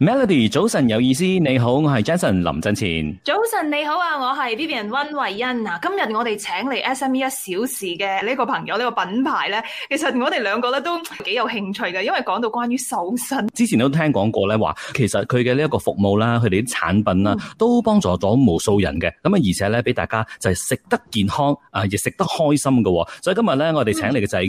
Melody，早晨有意思，你好，我係 Jason 林振前。早晨你好啊，我係 Vivian 溫慧欣。嗱，今日我哋請嚟 SME 一小時嘅呢個朋友呢、這個品牌咧，其實我哋兩個咧都幾有興趣嘅，因為講到關於瘦身，之前都聽講過咧話，其實佢嘅呢一個服務啦，佢哋啲產品啦，都幫助咗無數人嘅。咁啊、嗯，而且咧俾大家就係食得健康啊，亦食得開心嘅、哦。所以今日咧，我哋請嚟嘅就係、是。嗯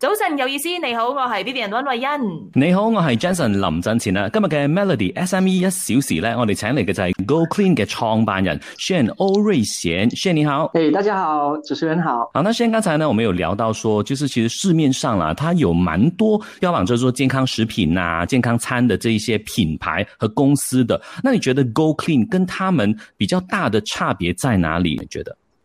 早晨有意思，你好，我係 Vivian 溫慧欣。你好，我是 Jenson 林振前啊。今日嘅 Melody S M E 一小時咧，我哋請嚟嘅就係 Go Clean 嘅創辦人 Shane 歐瑞賢。Shane 你好，誒，大家好，主持人好。好，那 Shane 剛才呢，我們有聊到說，就是其實市面上啦，啊，它有蠻多標榜叫做健康食品啊，健康餐的這一些品牌和公司的。那你覺得 Go Clean 跟他們比較大的差別在哪裡？你覺得？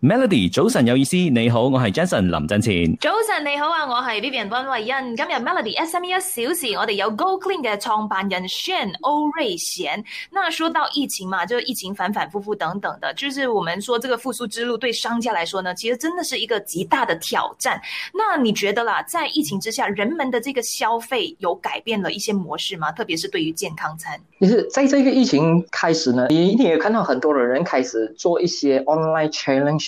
Melody，早晨有意思，你好，我係 Jason 林振前。早晨你好啊，我係 Vivian 溫慧欣。今日 Melody，e，S M E 一小時，我哋有 Go Clean 嘅創辦人 Sean 歐瑞賢。那說到疫情嘛，就疫情反反復復等等的，就是我們說這個復蘇之路對商家來說呢，其實真的是一個極大的挑戰。那你覺得啦，在疫情之下，人們的這個消費有改變了一些模式嗎？特別是對於健康餐，其實在這個疫情開始呢，你一定有看到很多的人開始做一些 online challenge。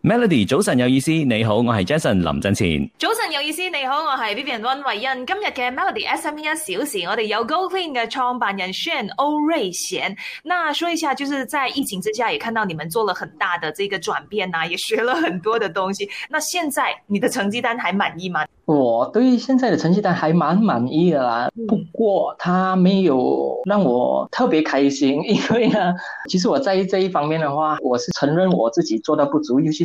Melody 早晨，有意思，你好，我係 Jason 林振前。早晨有意思，你好，我係 Vivian 溫慧欣。今日嘅 Melody SME 一小時，我哋有 GoClean 嘅創辦人 Sean 歐瑞賢。那說一下，就是在疫情之下，也看到你們做了很大的這個轉變啦，啊，也學了很多的東西。那現在你的成績單還滿意嗎？我對現在的成績單還蠻滿意的啦，不過，他沒有讓我特別開心，因為呢，其實我在這一方面的話，我是承認我自己做到不足，尤其，